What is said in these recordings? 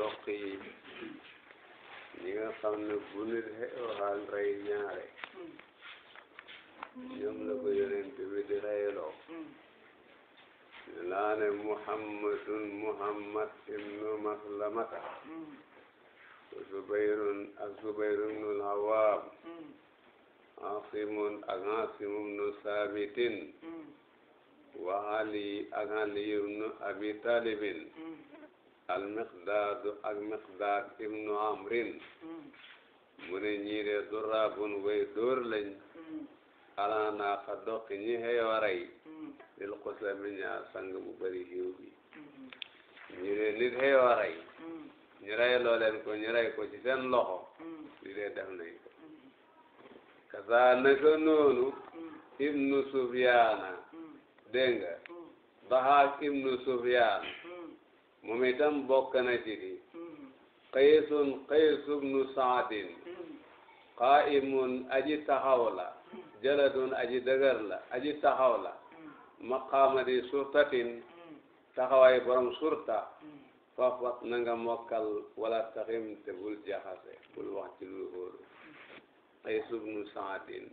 doq yi ñi nga xam ne bu nit xewxaan rey ñaare ñoom la ko yonent bi di reyloo ñu laa ne muhammadun muhammad ibnu maslamata zubayrun ak zubayru ibnul hawaam asimun ak asim ibnu saabitin wa ali ak ali ibnu abi talibin al miqdaadu ak miqdaad ibnu amrin mu ne ñii de durabun way dóor lañ alaa naa ka doqi ñi xëy waray lil xusami ñaa sang bu bari xiiw bi ñii de nit xëy waray ñu ko ñu rey ko ci seen loxo li def nañ ko kasa naka noonu ibnu sufyaana dégg nga daxaak ibnu moom itam bokk na ci di hmm. qaysun qaysu bnu saadin hmm. qaimun aji taxaw la hmm. jaladun aji dëgër la aji taxaw la maqaama di surtatin taxawaay borom surta fafat na nga mokkal wala taxim te jaxase bul wax ci lu wóoru bnu saadin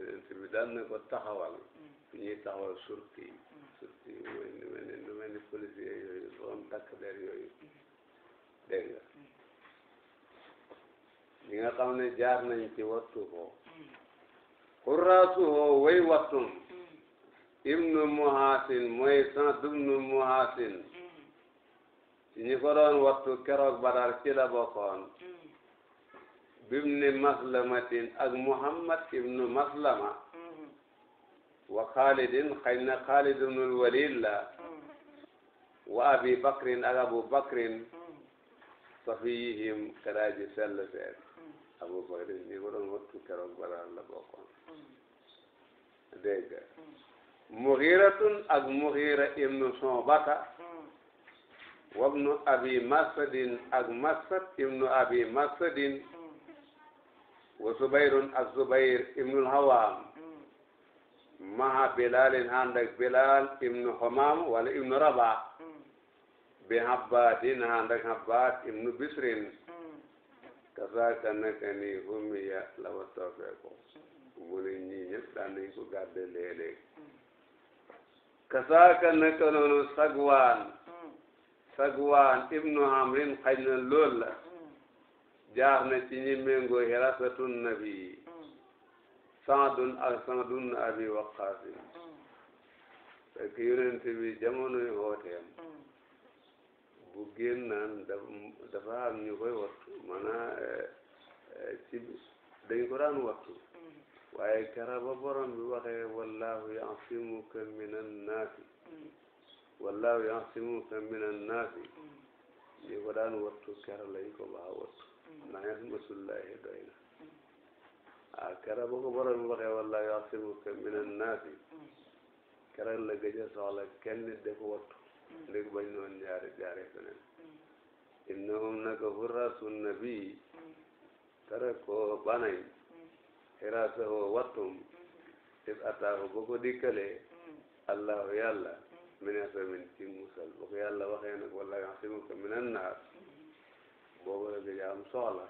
yonent bi na ko taxawal fi taxawal surti borom yooyu borom takk der yooyu dégg nga nga xam ne jaar nañ ci wattu ko xurraatu hoo way wattum ibnu muhasin mooy sant ibnu muhasin ci ñi ko doon wattu keroog badar ci la bokkoon bibni maslamatin ak muhammad ibnu maslama wa xaalidin xëy na xaalid ibnul walid la wa abi bakrin ak abu safiyihim kadaaji sell seen hmm. abu bakrin hmm. hmm. ak muxira ibnu sobata wabnu abi masadin wa subayrun ak subayr ibnul hawam maha bilalin ànd bilal ibnu homam wala ibnu rabah bi habbatin ànd ak habbat ibnu bisrin kasaaka naka ni humiya la wa toppee ko mu ne ñii daan nañ ko gàdde léeg-léeg kasaaka naka noonu sagwaan sagwaan ibnu hamrin xaj na lool la jaar na ci ñi méngoo hirasatun nabi saadun ak saadun na abi waqaasin fekk yonent bi jamonoy wooteem bu génnaan dafa am ñu koy wattu maanaam eh, eh, ci dañ ko daan wattu mm-hmm. waaye kara ba borom bi waxee wallahu yasimuka minan naasi mm-hmm. wallahu yasimuka minan naasi mm-hmm. ñu ko daan wattu kara lañ ko baax wattu ndax yasmatullahi doy na ah ko borom bi waxee wallahu yasimuka minan naasi kara la gëj a soxla kenn de ko wattu ndeg bañ noon jaare jaare feneen innahum naka hurrasu nabi tarako banañ xirasaho wattum is ataahu ba ko dikkalee allahu yàlla minasa min ci musal ba ko yàlla waxee nag wala yasimuka minan naas boobu la gëj am soxla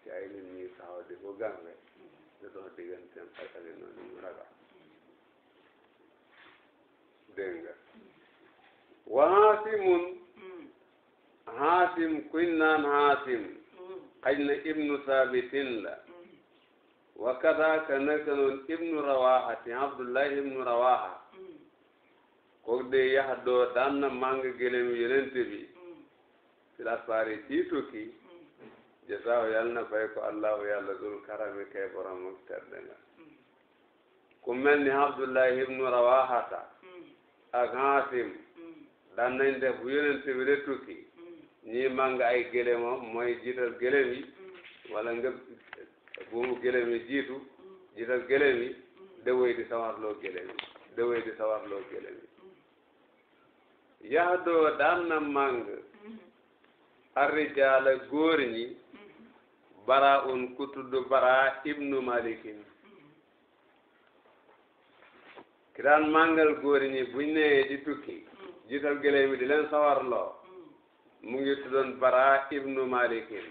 ci ay nit ñi di ko gànge da dox digganteem ak ali noonu mu ragal dégg nga wa haasimun hmm. haasim kuñ naan haasim hmm. xaj na ibnu saabitin la hmm. wa kadaaka naka noon ibnu rawaxati abdullahi ibnu rawaxa kook de yax doo daan na màng gëlëm yonent bi fil asfaari ci tukki jasaaw yàlla na fay ko allahu yàlla dul karami kay borom ak tedd nga ku mel ni abdullahi ibnu rawaxata ak haasim daan nañ def bu yonent bi de tukki hmm. ñii màng ay gëléemam mooy jiital gëléem yi hmm. wala nga buumu gëléem yi jiitu hmm. jiital gëléem yi dawey di sawarloo gëléem yi dawey di daan na màng arrijaala góor ñi bara un ku tudd bara ibnu malikin ki daan màngal góor ñi buñ newee di tukki jiital gëléem yi di leen sawarloo mu ngi tuddoon Baraa ibnu Malikin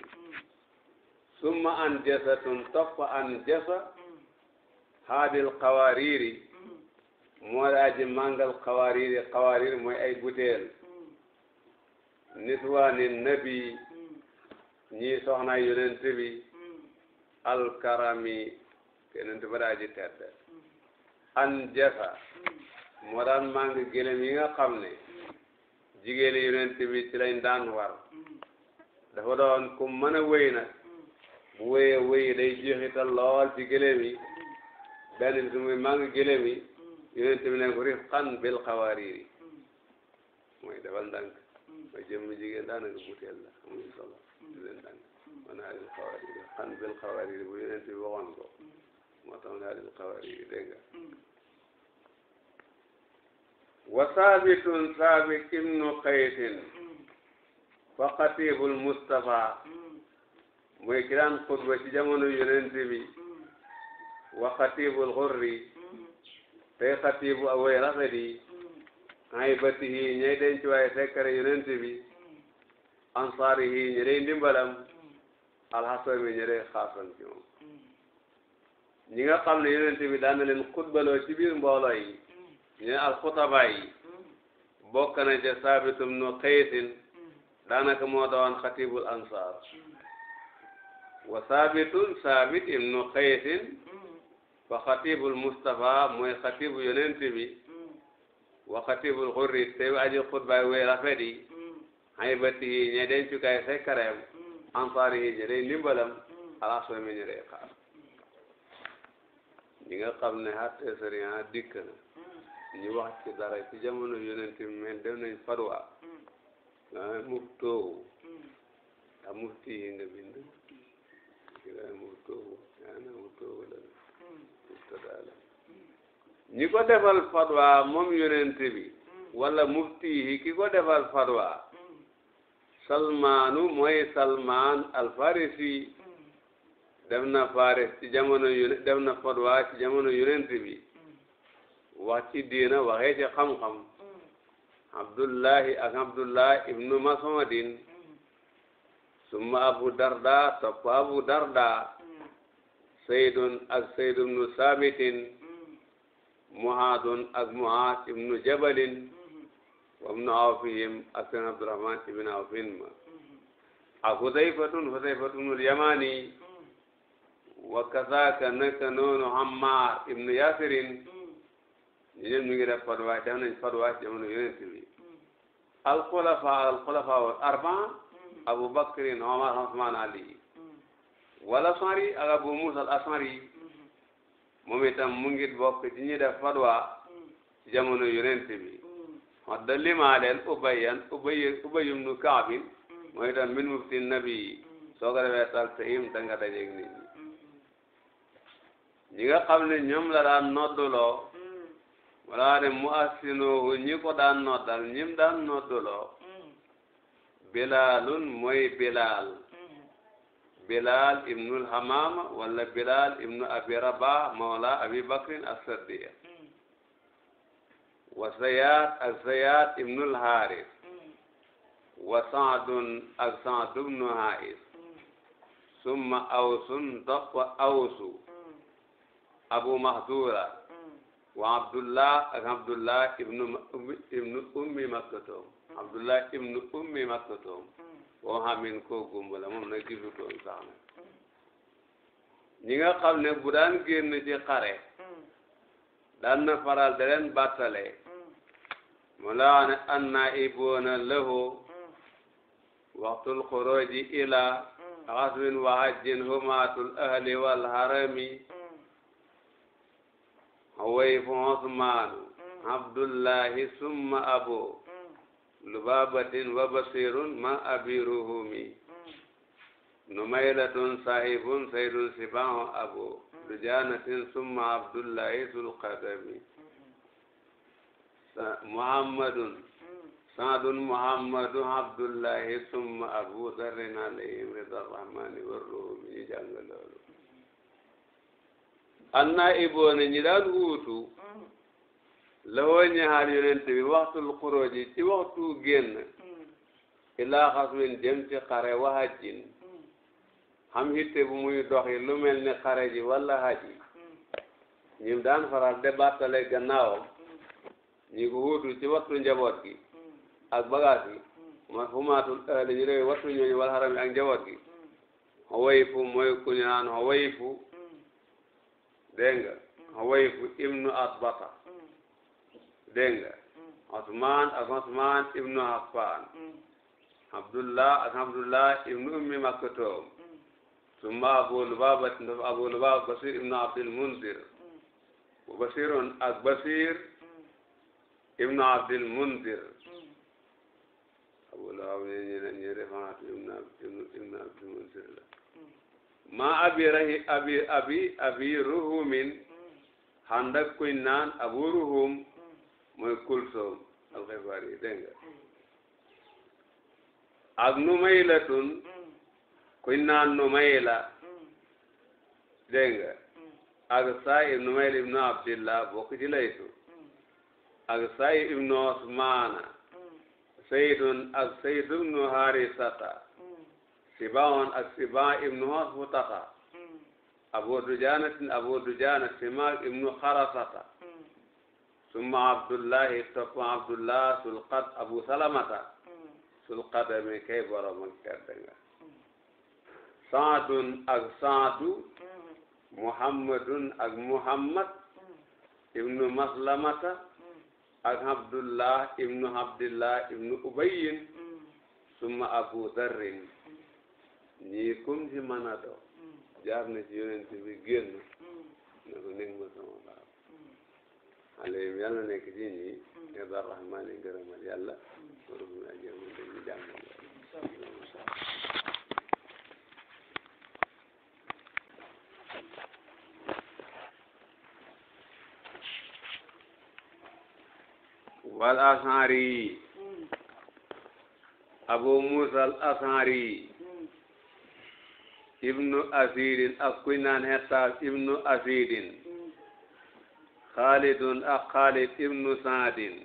summa an jasatun topp an jasa haadil xawaariiri moo daa ji màngal mooy ay butéel niswaani nabi ñii soxna yonent bi alkarami yonent ba daa ji tedd an moo daan mang gëlëm yi nga xam ne jigéeni yonent bi ci lañ daan war dafa doon ku mën a wéy nag bu wéyee wéy day jeexital lool ci gëlëm yi benn bi su muy mang gëlëm yi yonent bi ne ko rifqan bil xawaariiri mooy defal ndànk mooy jëmm jigéen daanaka butéel la amuñu solo di leen ndànk man haalil xawaariiri rifqan bil xawaariiri bu yonent bi waxoon ko moo tax man haalil xawaariiri dégg nga wa saabitun saabit ibnu xaytin wa xatibul Mustapha mooy ki daan xutba ci jamono yonent bi wa xatibul xurri tey xatibu awoy rafet yi ay bati yi ñay denc waaye sekkare yonent bi ansaari yi ñi dey ndimbalam alxasan bi ci moom ñi nga xam ne yonent bi daan na leen xutbaloo ci biir mbooloo yi ñu ne alxutaba yi mm-hmm. bokk na ca saabitum nu xëyitin daanaka moo doon xatibul ansaar mm-hmm. wa saabitun saabit ibnu xëyitin fa xatibul Mustapha mooy xatibu yonent bi mm-hmm. wa xatibul xurri te aji xutbaay way rafet yi ay bët yi ñe dencukaay sekkareem ansaar yi ñe day ndimbalam alaasoo mi ñu day xaar ñi nga xam ne xatte sëriñ dikk na ñu wax ci dara ci jamono yonent bi mais dem nañ fatwa nga mm. ah, muftoowu mm. a ah, mufti yi nga bind nga muftoowu ana muftoowu la ah, mm. muftada la ñi ko defal fatwa moom yonent bi wala mufti yi ki ko defal fatwa salmaanu mooy salmaan alfarisi def na faris ci jamono def na fatwa ci jamono yonent bi wax ci diina waxee ci xam-xam abdullahi ak abdullah ibnu mas'udin summa abu darda topp abu darda saydun ak sayd ibnu samitin muhaadun ak muhaad ibnu jabalin wa ibnu awfihim ak seen abdurahman ibnu awfin ma ak hudayfatun hudayfatun ibnu yamani wa kazaka naka noonu ammar ibnu yasirin ñu ñëpp ñu ngi def fatwa def nañ fatwa jamono yonent bi al xulafa al xulafa wal arbaa mm-hmm. abu bakrin omar osman ali mm-hmm. wala asari ak abu musa al asari mm-hmm. moom itam mu ngi bokk ci ñi def fatwa jamono yonent bi wax dëgg limaa leen ubayyan ubayy ubayyum nu kaabin mooy itam min mufti nabi soo ko defee tal tahim da nga dajeeg nit ñi ñi nga xam ne ñoom la daan nodduloo wala mu assinoohu ñi ko daan noddal ñim daan nodduloo mm-hmm. bilalun mooy bilal mm-hmm. bilal ibnul hamama wala bilal ibnu abi rabah mawla abi bakrin as-siddiq mm-hmm. wa zayat ak zayat wa saadun ak saad ibnu hais summa awsun topp awsu abu mahdura wa abdullah ak abdullah ibnu ibnu ummi maktoom abdullah ibnu ummi maktoom boo xamin koo gumba la moom nag gisutoon sax na ñi nga xam ne bu daan génn ci xare daan na faral da leen mu laa an naa iboona lahu waxtul xuroji ila xasmin wa hajjin humaatul ahli wal harami حويف عثمان عبد الله ثم أبو لبابة وبصير ما أبي رهومي نميلة صاحب سيد السباع أبو لجانة ثم عبد الله ذو القدم محمد سعد محمد عبد الله ثم أبو ذر عليهم رضا الرحمن والروم جنجلوله annaa'ibuuna ñi daan wuutu mm-hmm. lawoo ñahaal yonent bi waxtul xuróoji ci waxtu génn mm-hmm. ilaa xasmin jëm ci xare wa hajjin mm-hmm. xam hitte bu muy doxi lu mel ni xare ji walla haji ñim daan faral de bàttale gannaawam ñi ko wuutu ci waxtu njaboot gi ak bagaas yi mooy xumaatul ahli eh, ñu waxtu ñooñu wal haram yi ak njaboot gi xawayfu mooy ku ñu naan xawayfu dégg nga Xawayfu ibnu Asbata dégg nga ak Osman ibnu Affan Abdullah ak Abdullah ibnu Ummi Maktoum summa Abu Lubaba Abu Lubaba Basir ibnu Abdil Mundir Basirun ak Basir ibnu Abdil Mundir Abu Lubaba ñu ne ñu ne Ibnu Abdil Mundir la ma abi rahi abi abi ruhumin xànd ak kuñ naan abu ruhum mooy kulsoom alxibaar yi dégg nga ak numaylatun kuñ naan numayla dégg nga ak ibnu abdillah bokk ci laytu ak saay ibnu osmaana saydun ak sayd ibnu Sibaon ak Siba ibnu Hutata hmm. Abu Dujana Abu Dujana Simak ibnu Kharasata hmm. summa Abdullahi topp Abdullah Sulqat Abu Salamata Sulqadami hmm. kay borom ak tedd nga Saadun ak Saadu Muhammadun ak Muhammad ibnu Maslamata ak Abdullah ibnu Abdillah ibnu Ubayyin summa Abu Dharrin ñii kum ci mën a doon hmm. jaar na ci yonent bi génn hmm. ne ko nekk ma sama baab hmm. alayhim yàlla nekk ci ñi irda rahmani ngërëmal yàlla warahum ajrun dañu jàng wal asari abu ibnu asidin ak kuy naan hetaas ibnu asidin xaalidun ak xaalid ibnu saadin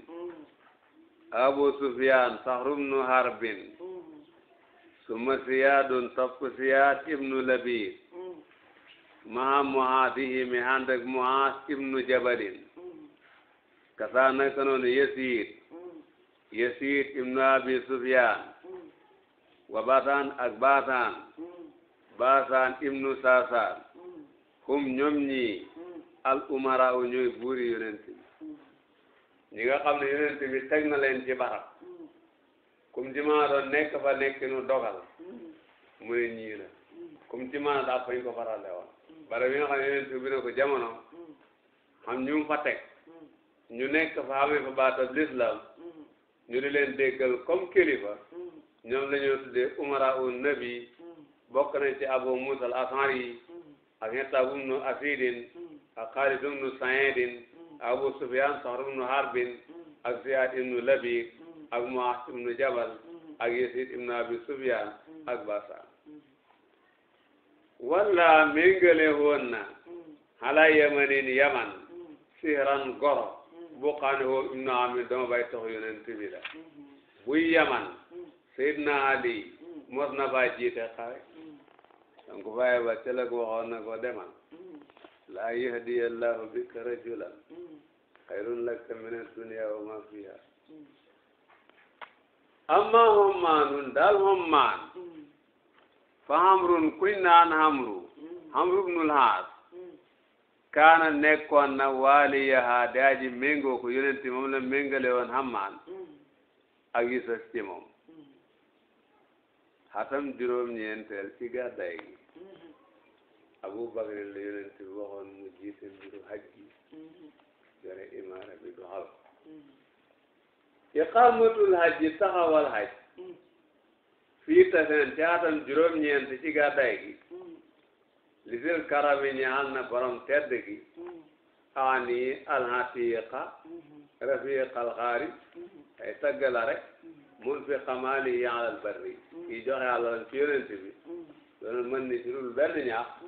abu sufyan saxru ibnu harbin suma siyaadun topp siyaad ibnu labid maha muhaadihi mi ànd ak muhaas ibnu jabalin kasaa naka noonu yasiid yasiid ibnu abi sufyan wa bataan ak bataan baasaan ibnu saasaan mm. hum ñoom ñi mm. al umara u ñooy buuri yonent bi mm. ñi nga xam ne yonent bi na leen ci barab kum ci maa doon nekk fa nekk nu dogal mu ne ñii la kum ci maa daa fañ ko farale woon bare bi nga xam ne yonent bi ko jamono xam ñu fa teg ñu nekk fa xamee fa baatab l'islam ñu di leen déggal comme kilifa ñoom la ñoo tuddee umara u nabi bokk abu musa al asari ak hisaab ibnu asidin ak xaalid ibnu saidin abu sufyan sahr ibnu harbin ak ziyaad ibnu labik ak muas ibnu jabal ak yasid ibnu abi sufyan ak basa walla méngale woon na xalaa yamanin yaman sihran goro bu xaani hoo ibnu amin bay tax yonent buy yaman sayidna ali mos na faa jiite xare donc ba ca mm. la ko waxoon na ko demal laa yahdiya bika rajulan xayrun mm. laka min addunia wa ma fiha mm. amma hommaanun daal hommaan fa hamrun kuñ naan hamru hamru bnul haas kaana nekkoon na waaliyaha daaji méngoo ko yonenti moom la méngale woon hammaan ak Yuusuf ci moom xatam juróom ñeenteel ci gàddaay gi Abu Bakr la yonent bi waxoon mu jiite mbiru hajj gi mm-hmm. yore imaara bi doxal mm-hmm. iqaamatul hajj taxawal hajj mm-hmm. fii taseen ci atam juróom-ñeent ci gàddaay gi li fil karami ñaal na borom tedd gi aani alhatiqa rafiqal xaari ay tagg la rek mun fi xamaali yi alal barri kii joxe àlalam ci yonent bi doonu mën ni ci dul benn ñaax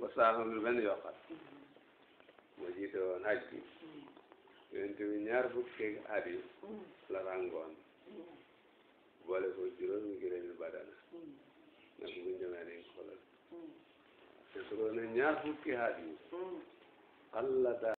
wasaanaam lu benn yokkal moo jiite woon haj bi yonent bi ñaar fukki at yi la rangoon boole ko juróomi gëléemi badana na ko bu ñëwee dañ xoolal te su doon ñaar fukki at yi xalla